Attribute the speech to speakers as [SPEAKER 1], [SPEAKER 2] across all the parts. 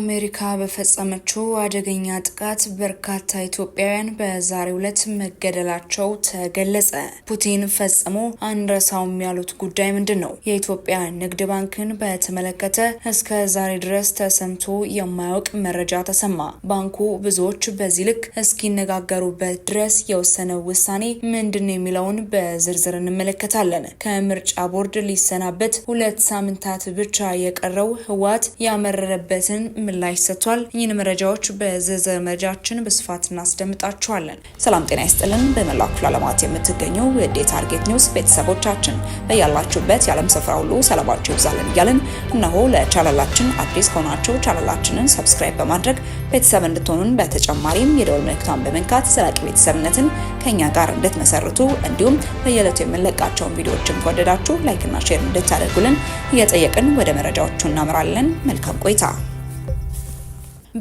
[SPEAKER 1] አሜሪካ በፈጸመችው አደገኛ ጥቃት በርካታ ኢትዮጵያውያን በዛሬው ዕለት መገደላቸው ተገለጸ። ፑቲን ፈጽሞ አንረሳውም ያሉት ጉዳይ ምንድን ነው? የኢትዮጵያ ንግድ ባንክን በተመለከተ እስከ ዛሬ ድረስ ተሰምቶ የማያውቅ መረጃ ተሰማ። ባንኩ ብዙዎች በዚህ ልክ እስኪነጋገሩበት ድረስ የወሰነው ውሳኔ ምንድን የሚለውን በዝርዝር እንመለከታለን። ከምርጫ ቦርድ ሊሰናበት ሁለት ሳምንታት ብቻ የቀረው ህወሓት ያመረረበትን ምላሽ ሰጥቷል። እኚህን መረጃዎች በዝርዝር መረጃችን በስፋት እናስደምጣችኋለን። ሰላም ጤና ይስጥልን። በመላ ክፍለ ዓለማት የምትገኙ የዴ ታርጌት ኒውስ ቤተሰቦቻችን በያላችሁበት የዓለም ስፍራ ሁሉ ሰላማችሁ ይብዛልን እያልን እነሆ ለቻናላችን አዲስ ከሆናችሁ ቻናላችንን ሰብስክራይብ በማድረግ ቤተሰብ እንድትሆኑን በተጨማሪም የደወል ምልክቷን በመንካት ዘላቂ ቤተሰብነትን ከኛ ጋር እንድትመሰርቱ እንዲሁም በየዕለቱ የምንለቃቸውን ቪዲዮዎችን ከወደዳችሁ ላይክና ሼር እንድታደርጉልን እየጠየቅን ወደ መረጃዎቹ እናምራለን። መልካም ቆይታ።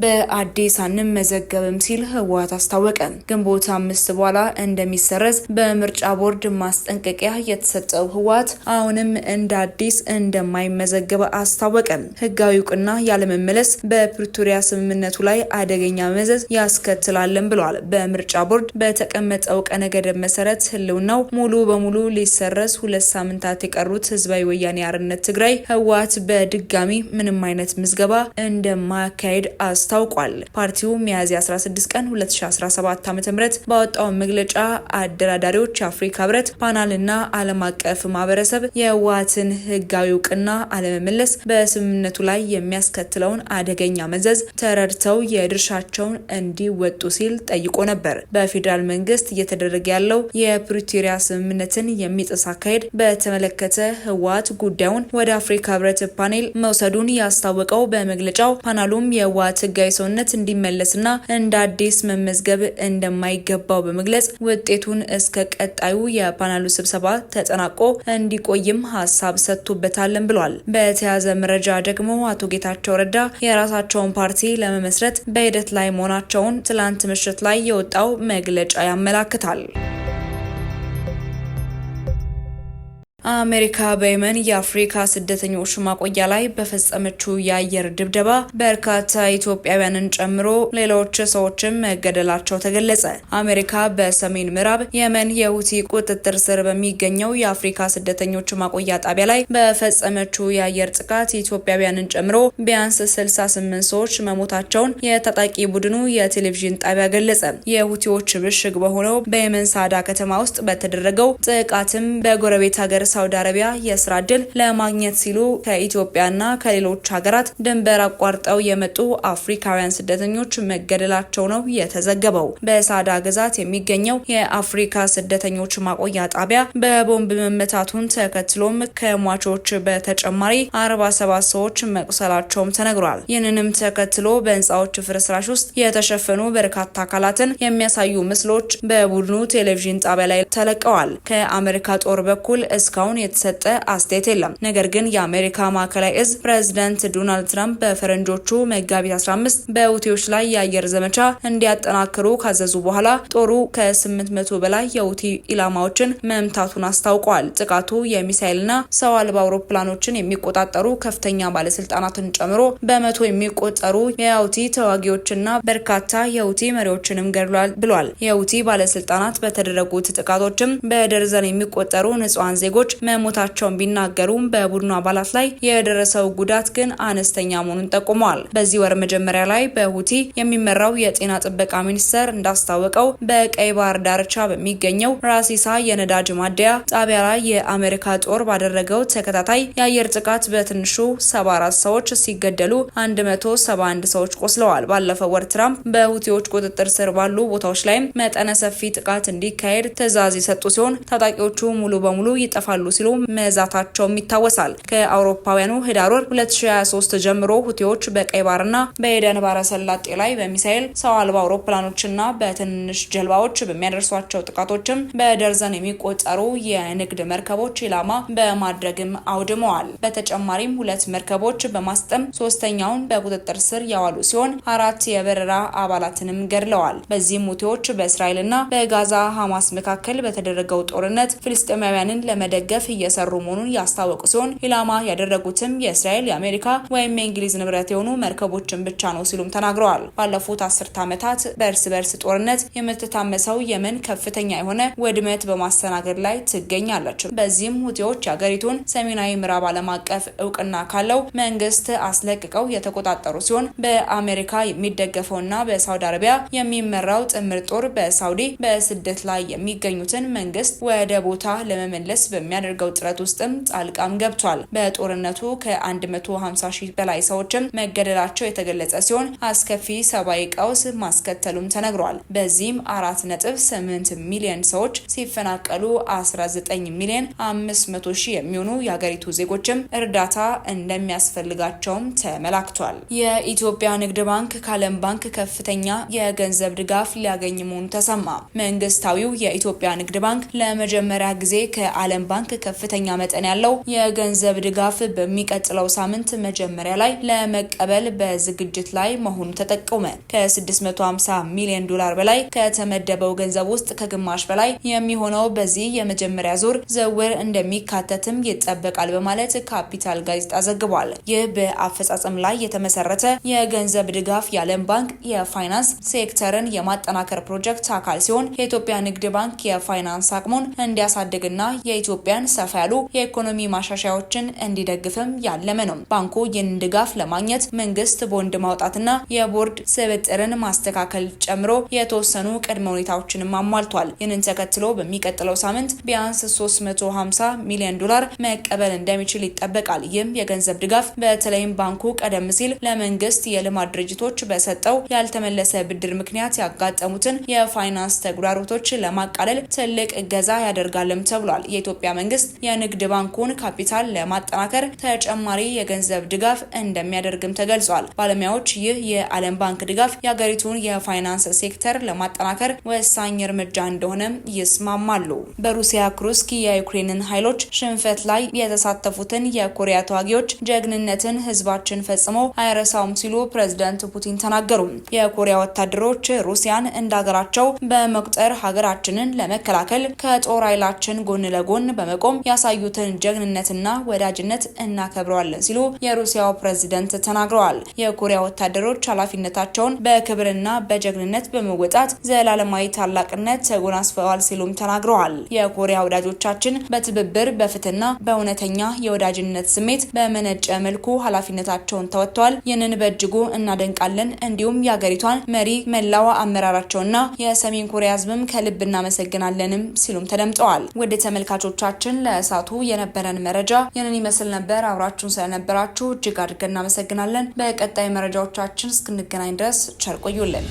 [SPEAKER 2] በአዲስ አንመዘገብም ሲል ህወሓት አስታወቀ። ግንቦት አምስት በኋላ እንደሚሰረዝ በምርጫ ቦርድ ማስጠንቀቂያ የተሰጠው ህወሓት አሁንም እንደ አዲስ እንደማይመዘገብ አስታወቀ። ህጋዊ እውቅና ያለመመለስ በፕሪቶሪያ ስምምነቱ ላይ አደገኛ መዘዝ ያስከትላለን ብሏል። በምርጫ ቦርድ በተቀመጠው ቀነ ገደብ መሰረት ህልውናው ሙሉ በሙሉ ሊሰረዝ ሁለት ሳምንታት የቀሩት ህዝባዊ ወያኔ አርነት ትግራይ ህወሓት በድጋሚ ምንም አይነት ምዝገባ እንደማያካሄድ አስ አስታውቋል። ፓርቲው ሚያዝያ 16 ቀን 2017 ዓ.ም ባወጣው መግለጫ አደራዳሪዎች የአፍሪካ ህብረት ፓናልና ዓለም አቀፍ ማህበረሰብ የህወሓትን ህጋዊ እውቅና አለመመለስ በስምምነቱ ላይ የሚያስከትለውን አደገኛ መዘዝ ተረድተው የድርሻቸውን እንዲወጡ ሲል ጠይቆ ነበር። በፌዴራል መንግስት እየተደረገ ያለው የፕሪቶሪያ ስምምነትን የሚጥስ አካሄድ በተመለከተ ህወሓት ጉዳዩን ወደ አፍሪካ ህብረት ፓኔል መውሰዱን ያስታወቀው በመግለጫው ፓናሉም የህወሓት ስጋዊ ሰውነት እንዲመለስና እንደ አዲስ መመዝገብ እንደማይገባው በመግለጽ ውጤቱን እስከ ቀጣዩ የፓናሉ ስብሰባ ተጠናቆ እንዲቆይም ሀሳብ ሰጥቶበታለን ብሏል። በተያዘ መረጃ ደግሞ አቶ ጌታቸው ረዳ የራሳቸውን ፓርቲ ለመመስረት በሂደት ላይ መሆናቸውን ትላንት ምሽት ላይ የወጣው መግለጫ ያመላክታል።
[SPEAKER 3] አሜሪካ በየመን የአፍሪካ ስደተኞች ማቆያ ላይ በፈጸመችው የአየር ድብደባ በርካታ ኢትዮጵያውያንን ጨምሮ ሌሎች ሰዎችም መገደላቸው ተገለጸ። አሜሪካ በሰሜን ምዕራብ የመን የሁቲ ቁጥጥር ስር በሚገኘው የአፍሪካ ስደተኞች ማቆያ ጣቢያ ላይ በፈጸመችው የአየር ጥቃት ኢትዮጵያውያንን ጨምሮ ቢያንስ 68 ሰዎች መሞታቸውን የታጣቂ ቡድኑ የቴሌቪዥን ጣቢያ ገለጸ። የሁቲዎች ብሽግ በሆነው በየመን ሳዳ ከተማ ውስጥ በተደረገው ጥቃትም በጎረቤት ሀገር ሳውዲ አረቢያ የስራ እድል ለማግኘት ሲሉ ከኢትዮጵያና ከሌሎች ሀገራት ድንበር አቋርጠው የመጡ አፍሪካውያን ስደተኞች መገደላቸው ነው የተዘገበው። በሳዳ ግዛት የሚገኘው የአፍሪካ ስደተኞች ማቆያ ጣቢያ በቦምብ መመታቱን ተከትሎም ከሟቾች በተጨማሪ ሰባት ሰዎች መቁሰላቸውም ተነግሯል። ይህንንም ተከትሎ በህንፃዎች ፍርስራሽ ውስጥ የተሸፈኑ በርካታ አካላትን የሚያሳዩ ምስሎች በቡድኑ ቴሌቪዥን ጣቢያ ላይ ተለቀዋል። ከአሜሪካ ጦር በኩል እስከ እስካሁን የተሰጠ አስተያየት የለም። ነገር ግን የአሜሪካ ማዕከላዊ እዝ ፕሬዚደንት ዶናልድ ትራምፕ በፈረንጆቹ መጋቢት 15 በውቲዎች ላይ የአየር ዘመቻ እንዲያጠናክሩ ካዘዙ በኋላ ጦሩ ከ800 በላይ የውቲ ኢላማዎችን መምታቱን አስታውቋል። ጥቃቱ የሚሳይልና ሰው አልባ አውሮፕላኖችን የሚቆጣጠሩ ከፍተኛ ባለስልጣናትን ጨምሮ በመቶ የሚቆጠሩ የውቲ ተዋጊዎችና በርካታ የውቲ መሪዎችንም ገድሏል ብሏል። የውቲ ባለስልጣናት በተደረጉት ጥቃቶችም በደርዘን የሚቆጠሩ ንጹሐን ዜጎች ሰዎች መሞታቸውን ቢናገሩም በቡድኑ አባላት ላይ የደረሰው ጉዳት ግን አነስተኛ መሆኑን ጠቁመዋል። በዚህ ወር መጀመሪያ ላይ በሁቲ የሚመራው የጤና ጥበቃ ሚኒስቴር እንዳስታወቀው በቀይ ባህር ዳርቻ በሚገኘው ራሲሳ የነዳጅ ማደያ ጣቢያ ላይ የአሜሪካ ጦር ባደረገው ተከታታይ የአየር ጥቃት በትንሹ 74 ሰዎች ሲገደሉ 171 ሰዎች ቆስለዋል። ባለፈው ወር ትራምፕ በሁቲዎች ቁጥጥር ስር ባሉ ቦታዎች ላይም መጠነ ሰፊ ጥቃት እንዲካሄድ ትዕዛዝ የሰጡ ሲሆን ታጣቂዎቹ ሙሉ በሙሉ ይጠፋሉ ይገባሉ ሲሉ መዛታቸውም ይታወሳል። ከአውሮፓውያኑ ህዳር ወር 2023 ጀምሮ ሁቴዎች በቀይ ባህርና በኤደን ባህረ ሰላጤ ላይ በሚሳኤል ሰው አልባ አውሮፕላኖችና በትንሽ ጀልባዎች በሚያደርሷቸው ጥቃቶችም በደርዘን የሚቆጠሩ የንግድ መርከቦች ኢላማ በማድረግም አውድመዋል። በተጨማሪም ሁለት መርከቦች በማስጠም ሶስተኛውን በቁጥጥር ስር ያዋሉ ሲሆን አራት የበረራ አባላትንም ገድለዋል። በዚህም ሁቲዎች በእስራኤልና በጋዛ ሐማስ መካከል በተደረገው ጦርነት ፍልስጤማውያንን ለመደገፍ ለመደገፍ እየሰሩ መሆኑን ያስታወቁ ሲሆን ኢላማ ያደረጉትም የእስራኤል የአሜሪካ ወይም የእንግሊዝ ንብረት የሆኑ መርከቦችን ብቻ ነው ሲሉም ተናግረዋል። ባለፉት አስርት ዓመታት በእርስ በርስ ጦርነት የምትታመሰው የመን ከፍተኛ የሆነ ውድመት በማስተናገድ ላይ ትገኛለች። በዚህም ሁቲዎች የአገሪቱን ሰሜናዊ ምዕራብ ዓለም አቀፍ እውቅና ካለው መንግስት አስለቅቀው የተቆጣጠሩ ሲሆን በአሜሪካ የሚደገፈውና በሳውዲ አረቢያ የሚመራው ጥምር ጦር በሳውዲ በስደት ላይ የሚገኙትን መንግስት ወደ ቦታ ለመመለስ በሚያ በሚያደርገው ጥረት ውስጥም ጣልቃም ገብቷል። በጦርነቱ ከ150 ሺህ በላይ ሰዎችም መገደላቸው የተገለጸ ሲሆን አስከፊ ሰብአዊ ቀውስ ማስከተሉም ተነግሯል። በዚህም 4.8 ሚሊዮን ሰዎች ሲፈናቀሉ 19 ሚሊዮን 500 ሺህ የሚሆኑ የሀገሪቱ ዜጎችም እርዳታ እንደሚያስፈልጋቸውም ተመላክቷል። የኢትዮጵያ ንግድ ባንክ ከዓለም ባንክ ከፍተኛ የገንዘብ ድጋፍ ሊያገኝ መሆኑ ተሰማ። መንግስታዊው የኢትዮጵያ ንግድ ባንክ ለመጀመሪያ ጊዜ ከዓለም ባንክ ባንክ ከፍተኛ መጠን ያለው የገንዘብ ድጋፍ በሚቀጥለው ሳምንት መጀመሪያ ላይ ለመቀበል በዝግጅት ላይ መሆኑ ተጠቆመ። ከ650 ሚሊዮን ዶላር በላይ ከተመደበው ገንዘብ ውስጥ ከግማሽ በላይ የሚሆነው በዚህ የመጀመሪያ ዙር ዝውውር እንደሚካተትም ይጠበቃል በማለት ካፒታል ጋዜጣ ዘግቧል። ይህ በአፈጻጸም ላይ የተመሰረተ የገንዘብ ድጋፍ የዓለም ባንክ የፋይናንስ ሴክተርን የማጠናከር ፕሮጀክት አካል ሲሆን የኢትዮጵያ ንግድ ባንክ የፋይናንስ አቅሙን እንዲያሳድግና የኢትዮጵያ ኢትዮጵያን ሰፋ ያሉ የኢኮኖሚ ማሻሻያዎችን እንዲደግፍም ያለመ ነው። ባንኩ ይህንን ድጋፍ ለማግኘት መንግስት ቦንድ ማውጣትና የቦርድ ስብጥርን ማስተካከል ጨምሮ የተወሰኑ ቅድመ ሁኔታዎችንም አሟልቷል። ይህንን ተከትሎ በሚቀጥለው ሳምንት ቢያንስ 350 ሚሊዮን ዶላር መቀበል እንደሚችል ይጠበቃል። ይህም የገንዘብ ድጋፍ በተለይም ባንኩ ቀደም ሲል ለመንግስት የልማት ድርጅቶች በሰጠው ያልተመለሰ ብድር ምክንያት ያጋጠሙትን የፋይናንስ ተግዳሮቶች ለማቃለል ትልቅ እገዛ ያደርጋልም ተብሏል። የኢትዮጵያ መንግስት የንግድ ባንኩን ካፒታል ለማጠናከር ተጨማሪ የገንዘብ ድጋፍ እንደሚያደርግም ተገልጿል። ባለሙያዎች ይህ የዓለም ባንክ ድጋፍ የሀገሪቱን የፋይናንስ ሴክተር ለማጠናከር ወሳኝ እርምጃ እንደሆነም ይስማማሉ። በሩሲያ ክሩስክ የዩክሬንን ኃይሎች ሽንፈት ላይ የተሳተፉትን የኮሪያ ተዋጊዎች ጀግንነትን ህዝባችን ፈጽሞ አይረሳውም ሲሉ ፕሬዝዳንት ፑቲን ተናገሩ። የኮሪያ ወታደሮች ሩሲያን እንደ ሀገራቸው በመቁጠር ሀገራችንን ለመከላከል ከጦር ኃይላችን ጎን ለጎን በመቆም ያሳዩትን ጀግንነትና ወዳጅነት እናከብረዋለን ሲሉ የሩሲያው ፕሬዝደንት ተናግረዋል። የኮሪያ ወታደሮች ኃላፊነታቸውን በክብርና በጀግንነት በመወጣት ዘላለማዊ ታላቅነት ተጎናስፈዋል ሲሉም ተናግረዋል። የኮሪያ ወዳጆቻችን በትብብር በፍትና በእውነተኛ የወዳጅነት ስሜት በመነጨ መልኩ ኃላፊነታቸውን ተወጥተዋል። ይህንን በእጅጉ እናደንቃለን። እንዲሁም የአገሪቷን መሪ መላዋ አመራራቸውና የሰሜን ኮሪያ ህዝብም ከልብ እናመሰግናለንም ሲሉም ተደምጠዋል። ውድ ተመልካቾቻችን ዝግጅታችን ለእሳቱ የነበረን መረጃ ይህንን ይመስል ነበር። አብራችሁን ስለነበራችሁ እጅግ አድርገን እናመሰግናለን። በቀጣይ መረጃዎቻችን እስክንገናኝ ድረስ ቸር ቆዩልን።